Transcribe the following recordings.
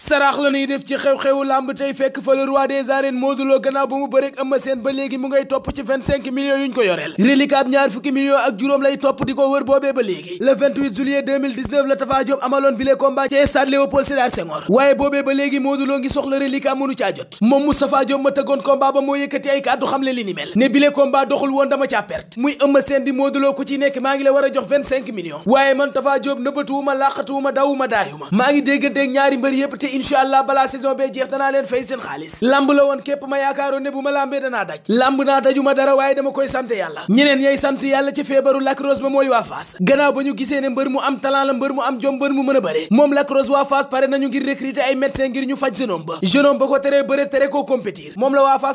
saraax la ñuy def ci xew-xewu làmb tey fekk fa le roi des arènes Modou gannaaw ba mu bëreek Eumeu Sène ba léegi mu ngay topp ci 25 millions yuñ ko yoreel reliquat ab ñaar fukki millions ak juróom lay topp di ko wër boobee ba léegi le 28 juillet 2019 la Tafa Diop amaloon bile combat ci stade Léopold Sédar Senghor waaye boobee ba léegi Modou Lo ngi soxla reliquat mënu caa jot moom Moustapha Diop ma tëggoon combat ba moo yëkkati ay kàddu xamle li ni mel ne bile combat doxul woon dama caa perte muy Eumeu Sène maa ngi la war a jox 25 millions te allah balaa saison bee jeex danaa leen fay seen xaalis lamb la woon képp ma yaakaaroon ne bu ma lambee danaa daj lamb naa dajuma dara waaye dama koy sant yàlla ñeneen ñay sant yàlla ci feebaru Lac Rose ba mooy waa gannaaw ba ñu gisee ne mbër mu am talent la mbër mu am jom mbër mu mën a bëre moom Lac Rose waa pare nañu ngir recruter ay médecin ngir ñu faj jeune ba jeune ba ko teree bëre tere ko compétir moom la waa fa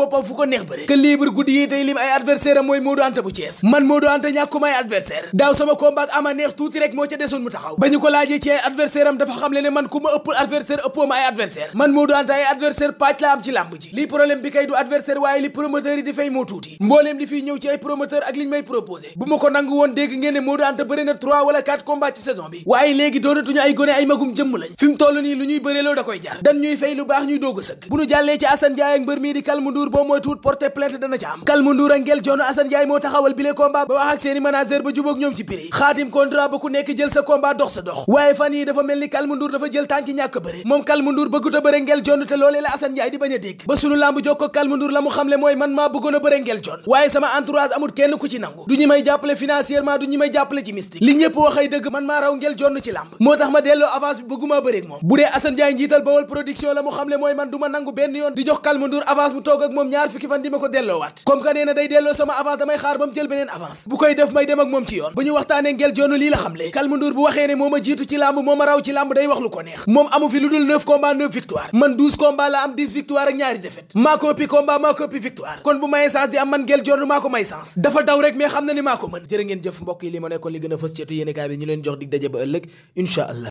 boppam fu ko neex bëre que libre guddi yi tey lim ay adversaire am mooy Modou Anta bu Thiès man Modou Anta ñàkkuma ay adversaire daaw sama combat ak ama neex tuuti rek moo ca desoon mu taxaw ba ñu ko laajee ci ay adversaire am dafa xam le ne man ku ma ëpp adversaire ëppoo ay adversaire man Modou Anta ay adversaire pàcc la am ci làmb ji lii problème bi kay du adversaire waaye li promoteur yi di fay moo tuuti mbooleem li fiy ñëw ci ay promoteur ak Ndour boo moytuwut porter plainte dana ca am Kalmu Ndour ak Ngel Jono Assane Ndiaye moo taxawal bile combat ba wax ak seeni manager ba jubóog ñoom ci prix xaatim contrat ba ku nekk jël sa combat dox sa dox waaye fan yi dafa mel ni Kalmu dafa jël tànki ñàkk bëre moom Kalmu Ndour bëggut Ngel Jono te loolee la di bañ a dégg ba sunu làmb jokko Kalmu Ndour la mu xamle mooy man maa bëggoon a Ngel Jono waaye sama entourage amul kenn ku ci nangu moom ñaar fukki fan di ma ko delloowaat comme que nee day delloo sama avance damay xaar ba mu jël beneen avance bu koy def may dem ak moom ci yoon bu ñu waxtaanee ngel joonu lii la xamle Calme Ndour bu waxee ne moo ma jiitu ci làmb moo ma raw ci làmb day wax lu ko neex moom amu fi lu dul 9 combats 9 victoire man 12 combats la am 10 victoire ak ñaari défaite maa ko ëppi combat maa ko ëppi victoire kon bu may chance di am man ngel joonu maa ko may